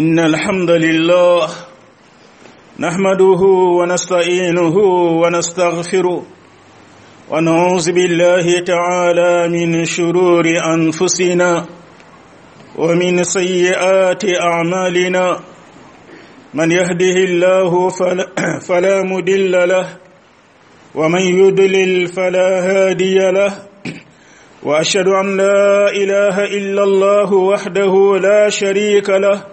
إن الحمد لله نحمده ونستعينه ونستغفره ونعوذ بالله تعالى من شرور أنفسنا ومن سيئات أعمالنا من يهده الله فلا, فلا مدل له ومن يدلل فلا هادي له وأشهد أن لا إله إلا الله وحده لا شريك له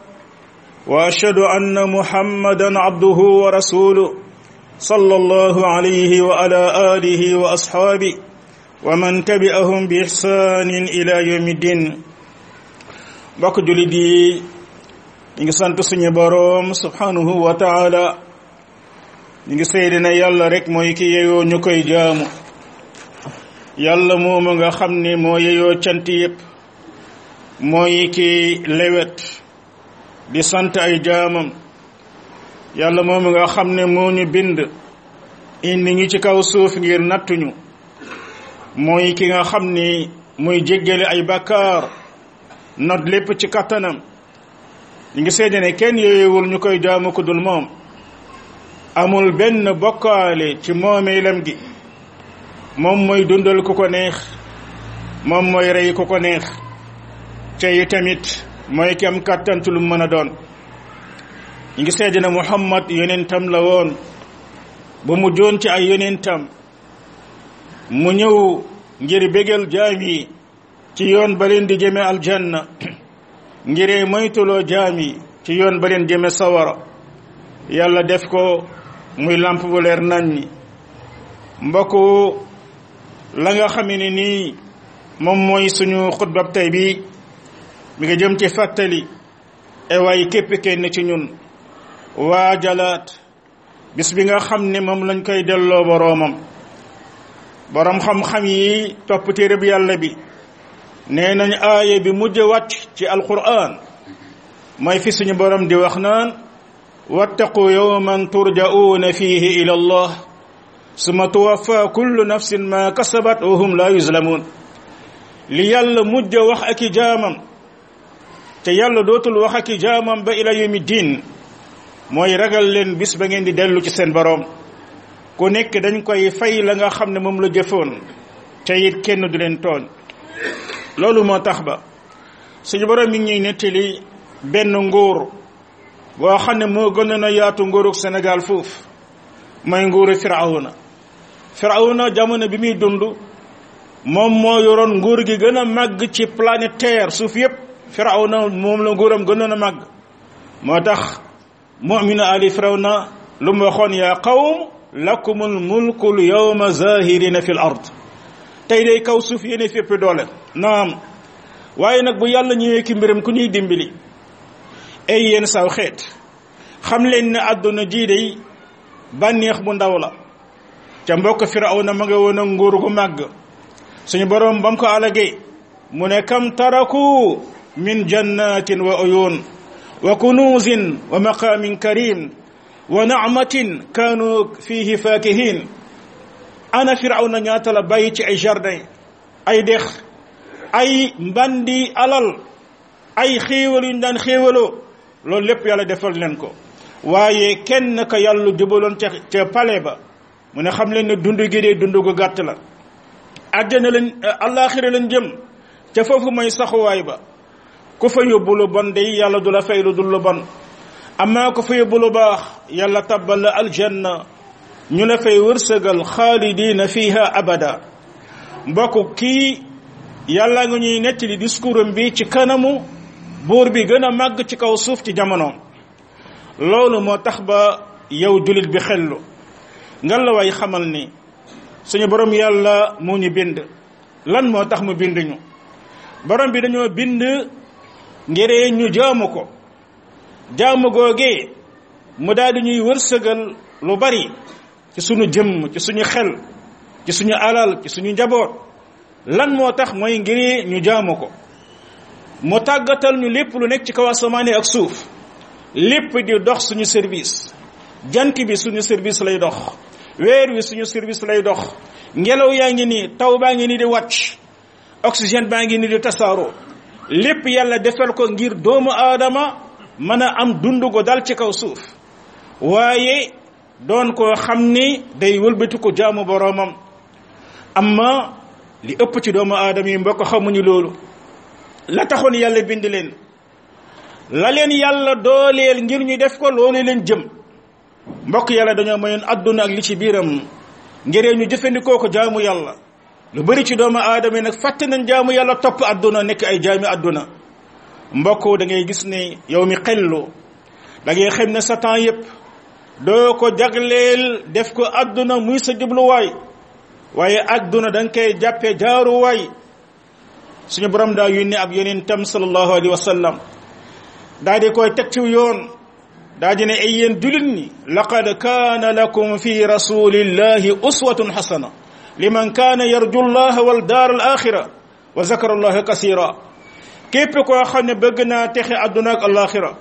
واشهد ان محمدا عبده ورسوله صلى الله عليه وعلى اله واصحابه ومن تبعهم باحسان الى يوم الدين بك جلدي إنسان سانت بروم سبحانه وتعالى نيغي سيدنا يالا ريك موي كي ييو نيوكاي جامو يالا موما خامني مو ييو تيانتي ييب موي كي لويت di sant ay jaamam yàlla moom nga xam ne moo ñu bind indi ngi ci kaw suuf ngir nattuñu mooy ki nga xam ni mooy jéggale ay bàkkaar not lépp ci kattanam ñu ngi seede ne kenn yooyewul ñu koy jaamu ku dul moom amul benn bokkaale ci moomeelam gi moom mooy dundal ku ko neex moom mooy rey ku ko neex te yi tamit moy kam kattantu lu meuna don ngi sedina muhammad yonentam la won bu mu joon ci ay yonentam mu ñew ngir begel jami ci yoon ba len di jeme aljanna ngire moytu lo jami ci yoon ba len jeme sawara yalla def ko muy lamp bu leer nanni mbokku la nga xamene ni mom moy suñu khutba tay bi mi ngi jëm ci fàttali e way képp kenn ci ñun waajalaat bis bi nga xam ne moom lañ koy delloo boroomam borom xam-xam yi topp téereb yàlla bi nee nañ aaya bi mujj wàcc ci alquran mooy fi suñu borom di wax naan wattaqu yawman turja'una fihi ila allah suma tuwaffa kullu nafsin ma kasabat wa hum la yuzlamun li yàlla mujj wax ak i jaamam te yàlla dootul wax ak i jaamam ba ila yawmi diin mooy ragal leen bis ba ngeen di dellu ci seen boroom ku nekk dañ koy fay la nga xam ne moom la jëfoon te it kenn du leen tooñ loolu moo tax ba suñu boroom mi ngi ñuy nettali benn nguur boo xam ne moo gënoon na yaatu nguurug Sénégal foofu mooy nguuru Firawna Firawna jamono bi muy dund moom moo yoroon nguur gi gën a màgg ci planète Terre suuf yépp na moom la nguuram gënoon a màgg moo tax mu'minu ali firawna lu mu waxoon yaa qawm lakumul mulkul yawma zahirina fi ard tey day kaw suuf yéene fépp doole naam waaye nag bu yàlla ñëwee ki mbiram ku ñuy dimbali ay yéen saw xeet xam leen ne àdduna jii day bànneex bu ndaw la ca mbokk firawna ma nga woon a nguur gu màgg suñu boroom ba mu ko alagee mu ne kam taraku من جنات وعيون وكنوز ومقام كريم ونعمة كانوا فيه فاكهين أنا فرعون نياتل بيت أي جردين أي دخ أي مبندي ألل أي خيول دان خيولو لول لب يالا دفل لنكو waaye kenn ka yàlla jubaloon ca ca pale ba mu ne xam leen ne dund gi dee dund gu gàtt la àjjana leen àllaaxira leen jëm ca foofu mooy saxuwaay ba ku fa yóbbu lu bon day yàlla du la fay lu dul lu bon amaa ku fa yóbbu lu baax yàlla tabbal la aljanna ñu la fay wërsëgal xaalidiina fiha abada mbokk kii yàlla nga ñuy nettali discours am bi ci kanamu buur bi gën a màgg ci kaw suuf ci jamonoom loolu moo tax ba yow jullit bi xellu ngan la waay xamal ni suñu boroom yàlla moo ñu bind lan moo tax mu bind ñu bi dañoo bind ngir ñu jaamu ko jaamu googee mu daal di ñuy wërsëgal lu bari ci suñu jëmm ci suñu xel ci suñu alal ci suñu njaboot lan moo tax mooy ngir ñu jàmm ko mu tàggatal ñu lépp lu nekk ci kaw asamaane ak suuf lépp di dox suñu service jant bi suñu service lay dox weer wi suñu service lay dox ngelaw yaa ngi nii taw baa ngi nii di wàcc oxygène baa ngi nii di tasaaroo lépp yàlla defal ko ngir doomu aadama mën a am dundugo dal ci kaw suuf waaye doon ko xam ni day wëlbati ko jaamu boroomam amma li ëpp ci doomu aadama yi mbokk xamuñu loolu la taxoon yàlla bind leen la leen yàlla dooleel ngir ñu def ko loolu leen jëm mbokk yàlla dañoo mayoon àdduna ak li ci biiram ngiree ñu jëfandikoo ko jaamu yàlla lu bari ci doomu aadama yi nag fàtte nañ jaamu yàlla topp àdduna nekk ay jaami àdduna mbokk da ngay gis ne yow mi xellu da ngay xam ne sa temps yëpp doo ko jagleel def ko àdduna muy sa jubluwaay waaye àdduna da nga koy jàppee jaaruwaay suñu borom daa yónni ab tam salallahu alayhi wa sallam daa di koy teg ci yoon daa di ne ay yéen jullit ni laqad kaana lakum fi rasulillahi uswatun xasana liman kaana yarju llaha wal daar al axira wa zakara llaha kasira képp koo xam ne bëgg naa texe àdduna ak alaxira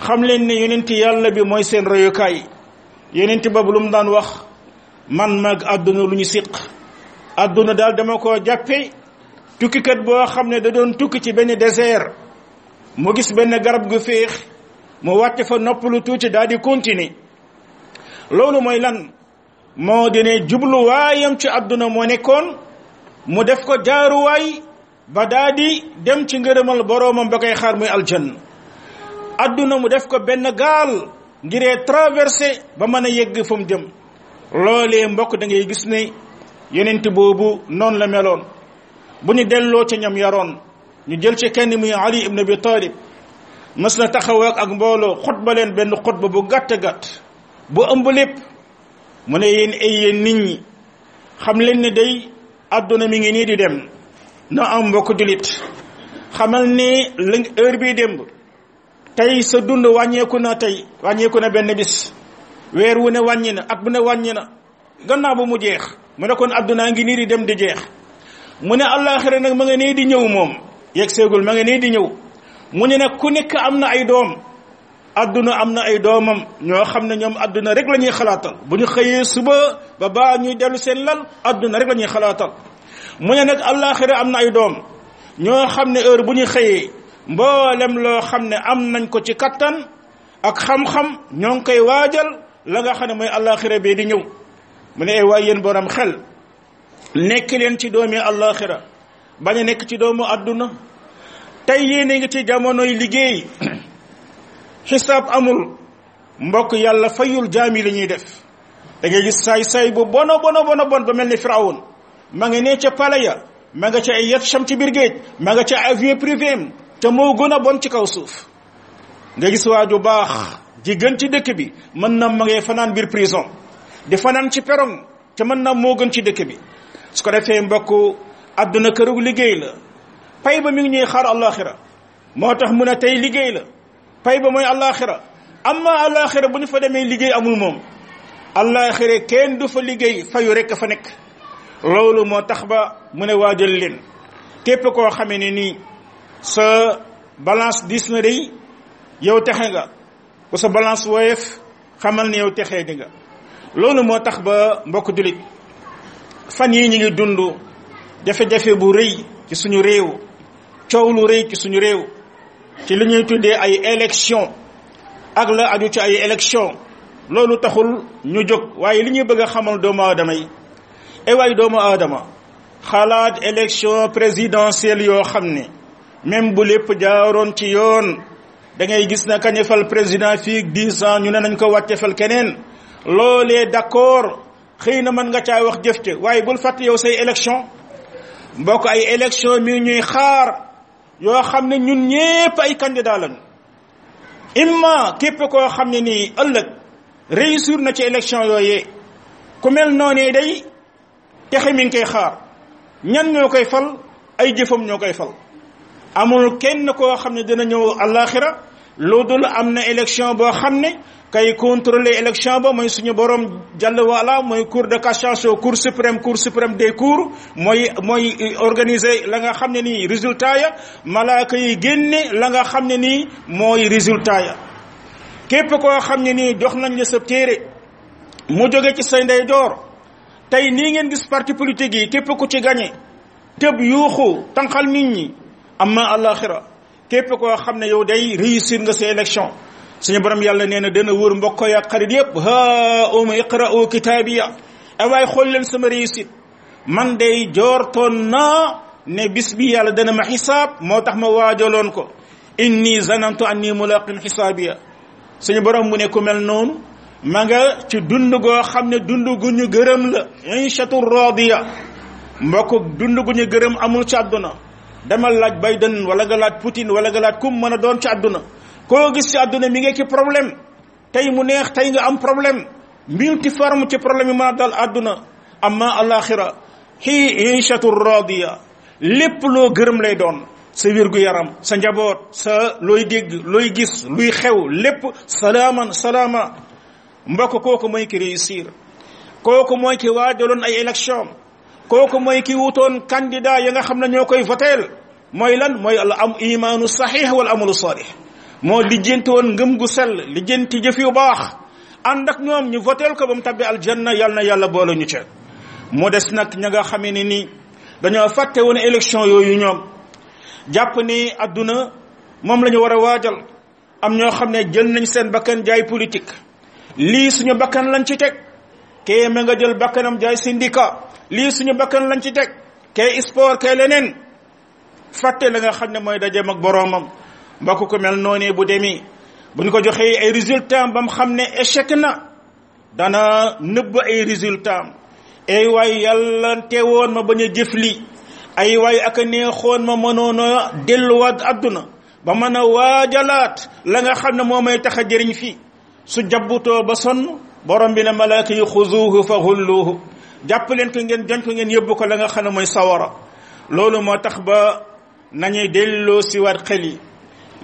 xam leen ne yonent yàlla bi mooy seen royukaay yonent boobu lu mu daan wax man mag àdduna lu ñu siq àdduna daal dama koo jàppe tukkikat boo xam ne da doon tukki ci benn désert mu gis benn garab gu féex mu wàcc fa noppalu tuuti daal di continuer loolu mooy lan moo di ne jubluwaayam ci àdduna moo nekkoon mu def ko jaaruwaay ba daa di dem ci ngërëmal boroomam ba koy xaar muy aljanna àdduna mu def ko benn gaal ngiree traversé ba mën a yegg fa mu jëm loolee mbokk da ngay gis ni yonent boobu noonu la meloon bu ñu delloo ca ñam yaroon ñu jël ci kenn muy Ali ibn Abi Talib mës na taxaw ak mbooloo xutba leen benn xutba bu gàtt gàtt bu ëmb lépp mu ne yéen ay yéen nit ñi xam leen ne day àdduna mi ngi nii di dem na am mbokk jullit xamal ne la heure bii démb tey sa dund wàññeeku na tey wàññeeku na benn bis weer wu ne wàññi na at bu ne wàññi na gannaaw ba mu jeex mu ne kon àdduna ngi nii di dem di jeex mu ne àllaaxira nag ma nga nii di ñëw moom yegg seegul ma nga nii di ñëw mu ne nag ku nekk am na ay doom aduna amna ay domam ño xamne ñom aduna rek lañuy ñuy xalaatal bu ñu suba ba ba ñuy delu sen lal aduna rek lañuy ñuy xalaatal mu ne nak alakhirah amna ay dom ño xamne heure buñu xeyé mbolem lo xamne am nañ ko ci katan ak xam-xam ñoo ngi koy wajal la nga xamne moy alakhirah alaxira di ñëw mu ne ay way yéen borom xel nek leen ci domi alakhirah baña nek ci domu aduna tay yéen a ngi ci jamonoy liggey xisaab amul mbokk yàlla fayul jaam yi la ñuy def da ngay gis saay saay bu bono bono bono bon ba mel ni firawun ma nga nee ca palaya ma nga ca ay yet sam ci biir géej ma nga ca avion privé am te moo gën a bon ci kaw suuf nga gis waa ju baax ji gën ci dëkk bi mën na ma fanaan biir prison di fanaan ci perong te mën naa moo gën ci dëkk bi su ko defee mbokk àdduna kërug liggéey la pay ba mu ngi ñuy xaar àllaaxira moo tax mu a tey liggéey la pay ba mooy allaaxira amma allaaxira bu ñu fa demee liggéey amul moom allaaxira kenn du fa liggéey fayu rek a fa nekk loolu moo tax ba mu ne waa waajal leen képp koo xamee ne nii sa balance diis na day yow texe nga ku sa balance woyef xamal ne yow texee di nga loolu moo tax ba mbokk jullit fan yi ñu ngi dund jafe-jafe bu rëy ci suñu réew coow lu rëy ci suñu réew ci li ñuy tuddee ay élection ak la aju ci ay élection loolu taxul ñu jóg waaye li ñuy bëgg a xamal doomu aadama yi e waaye doomu aadama xalaat élection présidentielle yoo xam ne même bu lépp jaaroon ci yoon da ngay gis na kañ fal président fii dix ans ñu ne nañ ko wàcce fal keneen loolee d'accord xëy na mën nga caa wax jëfte waaye bul fàtte yow say élection mbokk ay élection mi ñuy xaar yoo xam ne ñun ñépp ay candidat lañu imma képp koo xam ne nii ëllëg réussir na ci élection yooyee ku mel noonee day texe mi ngi koy xaar ñan ñoo koy fal ay jëfam ñoo koy fal amul kenn koo xam ne dina ñëw àllaaxira lu dul am na élection boo xam ne kay contrôler élection ba mooy suñu borom jàll waala mooy cour de cassation cour suprême cour suprême de cours mooy mooy organiser la nga xam ne nii résultat ya malaaka yi génne la nga xam ne nii mooy résultat ya képp koo xam ne nii jox nañ la sa téere mu joge ci say ndeyjoor tey nii ngeen gis parti politique yi képp ku ci gañe tëb yuuxu tànqal nit ñi amma àllaaxira képp koo xam ne yow day réussir nga sa élection suñu borom yàlla nee na dana wër mbokko ya xarit yépp ha uma iqra'u kitabiya ay way xol leen sama réussite man day joortoon naa ne bis bi yàlla dana ma xisaab moo tax ma waajaloon ko inni zanantu anni mulaqin xisaabiya suñu borom mu ne ku mel noonu ma nga ci dund goo xam ne dund gu ñu gërëm la inchatu radiya mbokk dund gu ñu gërëm amul ci àdduna dama laaj bayden wala nga laaj putin wala nga laaj kum mën a doon ci àdduna koo gis ci aduna mi ngi ci problème tay mu neex tay nga am problème multiforme ci problème ma dal aduna amma al-akhirah hi ishatu radiya lépp lo geureum lay don sa wirgu yaram sa njabot sa loy deg loy gis luy xew lépp salaaman salaama mbokk kooku mooy ki réussir kooku moy ki waajaloon ay élection kooku moy ki wuton candidat ya nga xamna ñokoy ñoo moy lan moy al am imanu sahih wal amalu salih moo lijjanti woon ngëm gu sell lijjanti jëf yu baax ànd ak ñoom ñu voteel ko ba mu tabbi aljanna yal na yàlla boole ñu ca mu des nag ña nga xamee ne nii dañoo fàtte woon élection yooyu ñoom jàpp ni adduna moom lañu war a waajal am ñoo xam ne jël nañ seen bakkan jaay politique lii suñu bakkan lañ ci teg kee ma nga jël bakkanam jaay syndicat lii suñu bakkan lañ ci teg kee sport kee leneen fàtte la nga xam ne mooy dajeem ak boroomam mbokk ko mel noonee bu demee bu ñu ko joxee ay résultat ba mu xam ne échec na dana nëbb ay résultat ay waay yàlla te woon ma bañ a jëf lii ay waay ak a neexoon ma mënoon a delluwaat àdduna ba mën a waajalaat la nga xam ne moo may tax a jëriñ fi su jabbutoo ba sonn borom bi ne malaaka yi xuzuuhu fa xulluuhu jàpp leen ko ngeen joñ ko ngeen yóbbu ko la nga xam ne mooy sawara loolu moo tax ba nañuy delloo si waat xel yi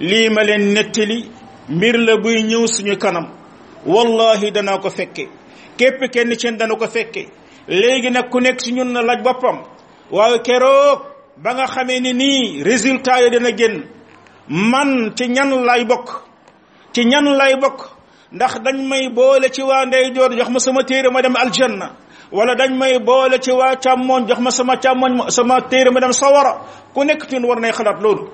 lii ma leen nettali mbir la buy ñëw suñu kanam wallahi danaa ko fekke képp kenn ci dana ko fekke léegi nag ku nekk si ñun na laaj boppam waaye keroog ba nga xamee ni nii résultat yi dana génn man ci ñan lay bokk ci ñan lay bokk ndax dañ may boole ci waa ndeyjoor jox ma sama téere ma dem aljanna wala dañ may boole ci waa càmmooñ jox ma sama càmmooñ sama téere ma dem sawara ku nekk ci ñun war nay xalaat loolu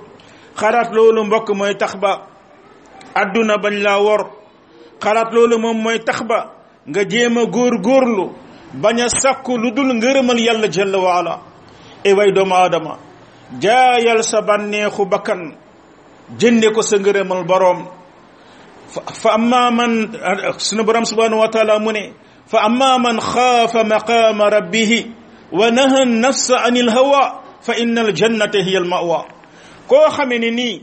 xalaat loolu mbokk mooy tax ba àdduna bañ laa wor xalaat loolu moom mooy tax ba nga jéem a góor góorlu bañ a sàkku lu dul ngërëmal yàlla jalla waala e way doomu aadama jaayal sa bànneexu bakkan jënde ko sa ngërëmal boroom fa amma man sunu borom subhanahu wa taala mune fa amma man khafa maqama rabbih wa nahana nafsa anil hawa fa innal jannata hiya al ma'wa koo xamee ni nii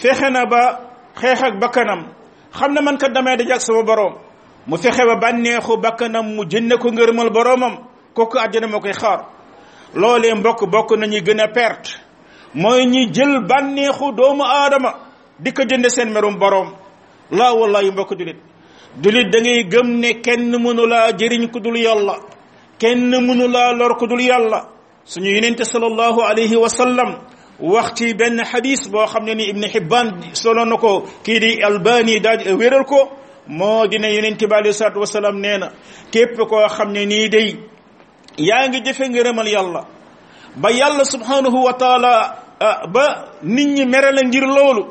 fexe na ba xeex bakkanam xam na man kat damay dajak sama boroom mu fexe ba bànneexu bakkanam mu jënd ko ngërëmal boroomam kooku àjjana moo koy xaar loole mbokk bokk nañuy gën a perte mooy ñi jël bànneexu doomu aadama di ko jënde seen merum boroom laa wallaahi mbokk julit julit da gëm ne kenn mënula laa jëriñ ku dul yàlla kenn mënu laa lor ku dul yàlla suñu yonente sallallahu alayhi wa sallam wax ci benn xadis boo xam ne ni ibni Hibbaan solo ko kii di Albani daal wéral ko moo dina yonent bi alei salaatu wasalaam nee na képp koo xam ne nii day yaa ngi jëfe ngërëmal yàlla ba yàlla subhanahu wa taala ah, ba nit ñi mere la ngir loolu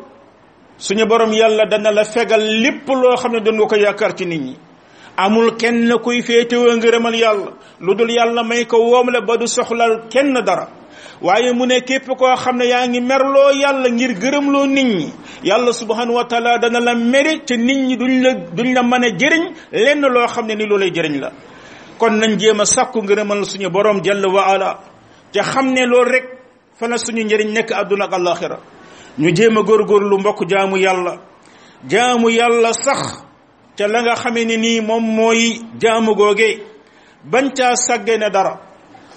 suñu borom yàlla dana la fegal lépp loo xam ne doon nga ko yaakaar ci nit ñi amul kenn kuy féetewoo ngërëmal yàlla lu dul yàlla may ko woom la ba du soxlal kenn dara waaye mu ne képp koo xam ne yaa ngi merloo yàlla ngir gërëmloo nit ñi yàlla subhanahu wa taala dana la mere te nit ñi duñ la duñ la mën a jëriñ lenn loo xam ne ni loolay jëriñ la kon nañ jéem a sàkku ngërëmal suñu borom jalla wa ala te xam ne loolu rek fa suñu njëriñ nekk àdduna ak àllaaxira ñu jéem a lu mbokk jaamu yàlla jaamu yàlla sax ca la nga xamee ne nii moom mooy jaamu googee bañ ca sàggee na dara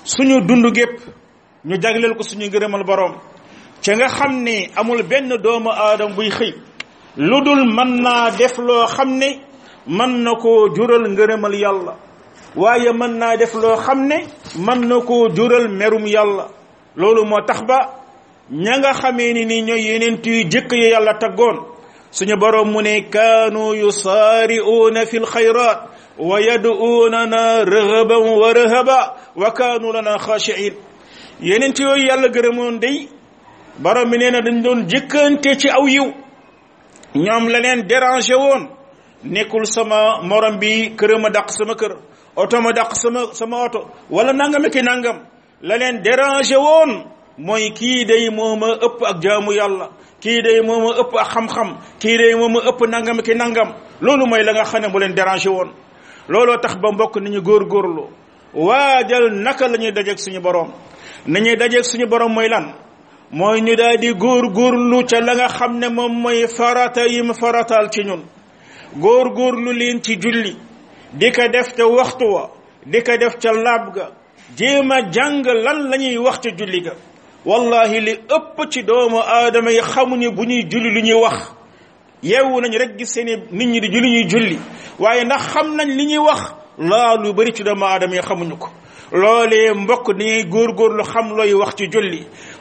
suñu dund gépp ñu jagleel ko suñu ngërëmal boroom ca nga xam ne amul benn doomu aadama buy xëy lu dul mën naa def loo xam ne mën na koo jural ngërëmal yàlla waaye mën naa def loo xam ne mën na koo jural merum yàlla loolu moo tax ba ña nga xamee ni ni ñooy yeneen yu jëkk yi yàlla taggoon suñu boroom mu ne kaanu yusaari'uuna fi lxayraat wa yad'uunana rëhaban wa rëhaba wa kaanu lana xaashiin yeneent yooyu yàlla gërëmoon day borom bi nee na dañ doon jëkkante ci aw yiw ñoom la leen dérangé woon nekkul sama morom bi këram a dàq sama kër oto ma dàq sama sama oto wala nangam ak nangam la leen dérangé woon mooy kii day moom a ëpp ak jaamu yàlla kii day moom a ëpp ak xam-xam kii day moom a ëpp nangam ak nangam loolu mooy la nga xam ne mu leen dérangé woon looloo tax ba mbokk nañu ni ñu waa waajal naka la ñuy dajeeg suñu borom. nañuy dajeeg suñu borom mooy lan mooy ñu daal góor góorlu ca la nga xam ne moom mooy farata yim faratal ci ñun góor góorlu leen ci julli di ko def te waxtu wa di ko def ca laab ga jéem a jàng lan lañuy wax ca julli ga wallahi li ëpp ci doomu aadama yi xamuñu bu ñuy julli lu ñuy wax yeewu nañu rek gis seeni nit ñi di julli ñuy julli waaye ndax xam nañ li ñuy wax laa lu bari ci doomu aadama yi xamuñu ko loole mbokk góor góor góorgóorlu xam looy wax ci julli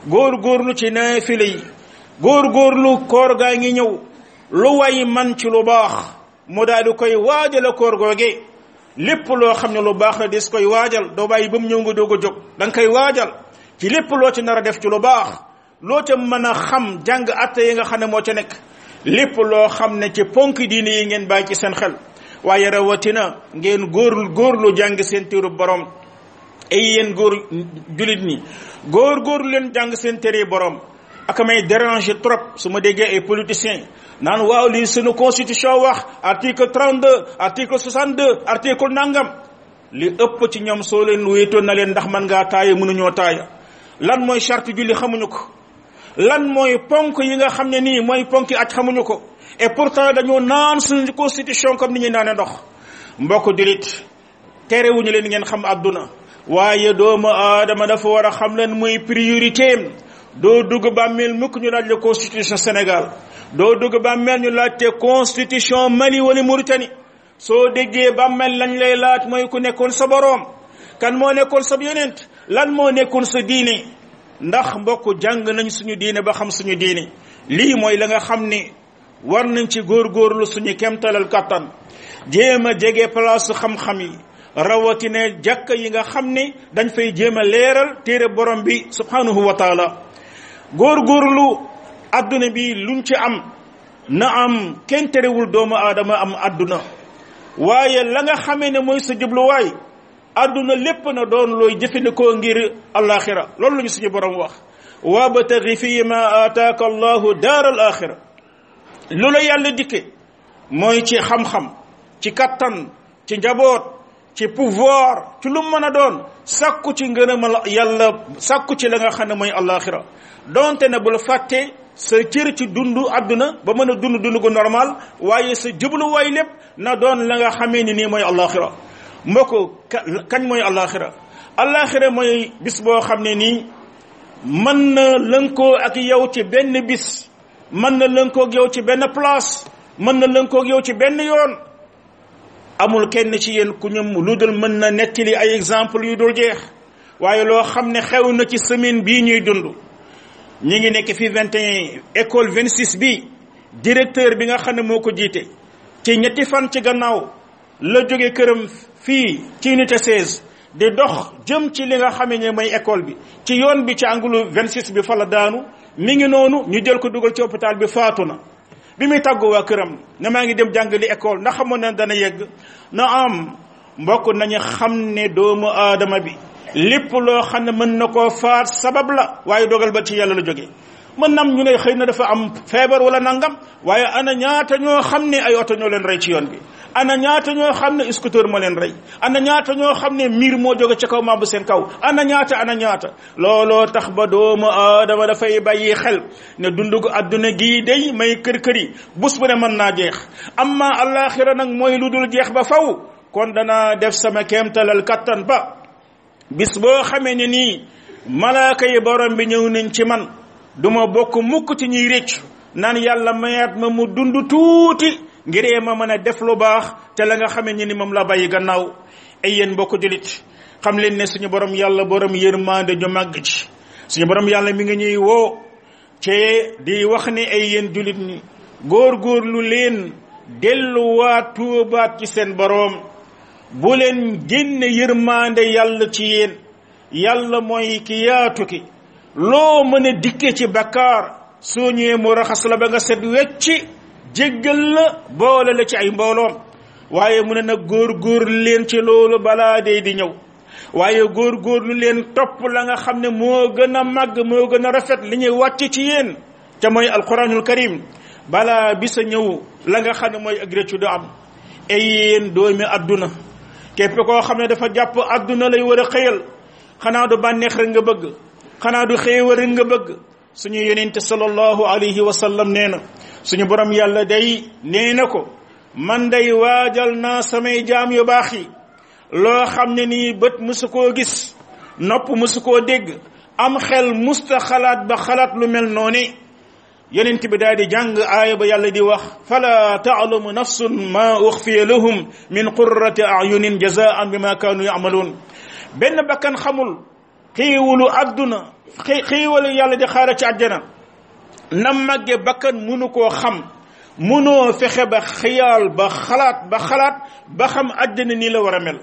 lu ci góor góor lu koor gaa ngi ñëw lu way man ci lu baax mu daal di koy waajal koor googe lépp loo xam ne lu baax des koy waajal doo bàyyi ba mu ñëw nga doog a jóg da koy waajal ci lépp loo ci nar a def ci lu baax loo ca mën a xam jàng atte yi nga xam ne moo ca nekk lépp loo xam ne ci ponk diine yi ngeen bàyyi ci seen xel waaye rawatina ngeen góor lu jàng seen tiiru borom ay yéen góor jullit ñi góor-góorlu leen jàng seen téere borom ak may déranger trop su ma déggee ay politiciens naan waaw lii sunu constitution wax article 32 article 62 article nangam li ëpp ci ñam soo leen wéetoon na leen ndax man ngaa taaya mënuñoo taaya lan mooy charte julli xamuñu ko lan mooy ponk yi nga xam ne nii mooy ponk yi aj xamuñu ko et pourtant dañoo naan suñu constitution comme ni ñuy naane ndox mbokk jullit terewuñu leen ngeen xam àdduna waaye doomu aadama dafa war a xam leen muy priorité doo dugg bàmmeel mukk ñu laaj la constitution Sénégal doo dugg bàmmeel ñu laajte constitution Mali wala Mauritanie soo déggee bàmmeel lañ lay laaj mooy ku nekkoon sa boroom kan moo nekkoon sa yonent lan moo nekkoon sa diine ndax mbokk jàng nañ suñu diine ba xam suñu diine lii mooy la nga xam ni war nañ ci góorgóorlu suñu kemtalal kàttan jéem a jege palaasu xam-xam yi rawatina jàkk yi nga xam ni dañ fay jéem a leeral téere borom bi subhanahu wa taala góorgóorlu àdduna bi luñ ci am na am kenn terewul doomu aadama am àdduna waaye la nga xamee ne mooy sa jubluwaay àdduna lépp na doon looy jëfandikoo ngir alaxira loolu la ñu suñu borom wax wa bataghi fii ma ataaka allahu daar al axira lu la yàlla dikke mooy ci xam-xam ci kattan ci njaboot ci pouvoir ci lu mën a doon sàkku ci a ngërëmal yàlla sàkku ci la nga xam ne mooy àllaaxira donte ne bul fàtte sa cër ci dund àdduna ba mën a dund dund gu normal waaye sa jubluwaay lépp na doon la nga xamee ni nii mooy àllaaxira mbokk kañ mooy àllaaxira àllaaxira mooy bis boo xam ne nii mën na lënkoo ak yow ci benn bis mën na lënkoo ak yow ci benn place mën na lënkoo ak yow ci benn yoon amul kenn ci yéen ku ñëm lu dul mën na nettili ay exemple yu dul jeex waaye loo xam ne xew na ci semaine bii ñuy dund ñu ngi nekk fi 21 école 26 bi directeur bi nga xam ne moo ko jiite ci ñetti fan ci gannaaw la jóge këram fii ci unité 16 di dox jëm ci li nga xamee ne mooy école bi ci yoon bi ci angulu 26 bi fa la daanu mi ngi noonu ñu jël ko dugal ci hôpital bi faatu na bi muy tàggoo waa këram ne maa ngi dem jàngali école ndax xamoon na dana yegg na am mbokk nañu xam ne doomu aadama bi lépp loo xam ne mën na koo faat sabab la waaye dogal ba ci yàlla la jóge mën nam ñu ne xëy na dafa am feebar wala nangam waaye ana ñaata ñoo xam ne ay oto ñoo leen rey ci yoon bi ana ñaata ñoo xam ne scooter moo leen rey ana ñaata ñoo xam ne miir moo joge ca kaw maa bu seen kaw ana ñaata ana ñaata looloo tax ba doomu aadama dafay bàyyi xel ne dundugu adduna gii day may kër kër yi bus bu ne mën naa jeex amma alaxira nag mooy lu dul jeex ba faw kon dana def sama kéemtalal kattan ba bis boo xamee ne nii malaaka yi borom bi ñëw nañ ci man duma bokk mukk ci ñuy réccu nan yàlla mayaat ma mu dund tuuti ngiree ma mën a def lu baax te la nga xamee ni moom la bàyyi gannaaw ay yéen bokk julit xam leen ne suñu borom yàlla borom yërmande ju màgg ci suñu borom yàlla mi nga ñuy woo ci di wax ne ay yéen julit ni góor góor lu leen delluwaat tuubaat ci seen borom bu leen génne yërmande yàlla ci yéen yàlla mooy ki yaatu loo mën a dikkee ci bakkaar soo ñëwee mu raxas la ba nga set wecci jéggal la boole la ci ay mbooloom waaye mu ne nag góorgóorlu leen ci loolu balaa dee di ñëw waaye góor góor lu leen topp la nga xam ne moo gën a màgg moo gën a rafet li ñuy wàcc ci yeen te mooy alquranul karim balaa bi sa ñëw la nga xam ne mooy ak rëccu du am ay yéen doomi adduna képp koo xam ne dafa jàpp àdduna lay war a xëyal xanaa du bànneex rek nga bëgg xanaa du xéewal nga bëgg suñu te sallallahu alayhi wa sallam nee na suñu borom yàlla day nee na ko man day waajal naa samay jaam yu baax yi loo xam ne nii bët koo gis nopp musu koo dégg am xel musta xalaat ba xalaat lu mel noonu yonent bi daal di jàng aaya ba yàlla di wax fala taalamu nafsun ma uxfiya lahum min qurrati ayunin jazaan bima kaanu yamaluun benn bakkan xamul xéewalu àdduna xéewalu yàlla di xaara ci àjjana na màgge bakkan munu koo xam munoo fexe ba xiyaal ba xalaat ba xalaat ba xam àjjana nii la war a mel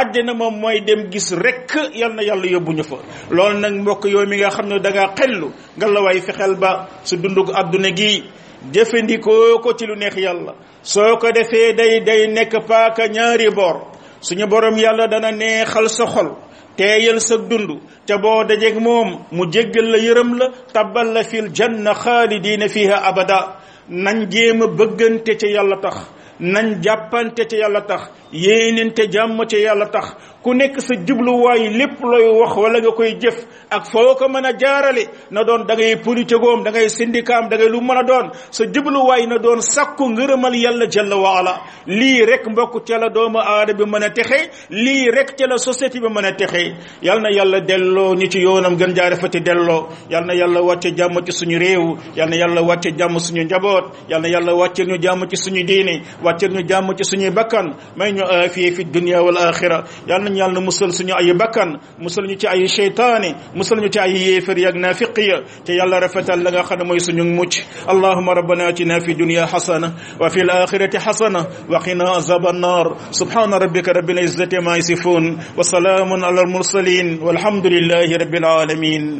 àjjana moom mooy dem gis rek yal na yàlla yóbbuñu fa lool nag mbokk yow mi nga xam ne danga ngaa nga la waay fexeel ba su dundug àdduna gi jëfandikoo ko ci lu neex yàlla soo ko defee day day nekk paaka ñaari boor suñu borom yàlla dana neexal sa xol teeyal sa dund ca boo dajeeg moom mu jéggal la yërëm la tabal la fil janna xaalidiina fiha abada nañ jéem a bëggante ca yàlla tax nañ jàppante ca yàlla tax yéenente jàmm ci yàlla tax ku nekk sa jubluwaay lépp looy wax wala nga koy jëf ak foo ko mën a jaarale na doon da ngay politique dangay da dangay lu mën a doon sa jubluwaay na doon sakku ngërëmal yàlla jalla waala lii rek mbokk ca la doomu aada bi mën a texe lii rek ca la société bi mën a texe yal na yàlla delloo ñu ci yoonam gën jaare fa te delloo yal na yàlla wàcce jàmm ci suñu réew yal yàlla wàcce jàmm suñu njaboot yal yàlla wàcceel ñu jàmm ci suñu diine wàcceel ñu jàmm ci suñu fii fi dunia wal axira yal nañu yàlla musal suñu ay bakkan musal ñu ci ay cheytaane musal ñu ci ay yéefar yag naafiqiya te yàlla rafetal la nga xam ne mooy suñu mucc allahuma rabbana atina fi dunia xasana wa fi alaxirati xasana wa qina azab annar subhana rabbika rabbil izzati ma yasifun wa salamun ala almursalin والحمد لله رب العالمين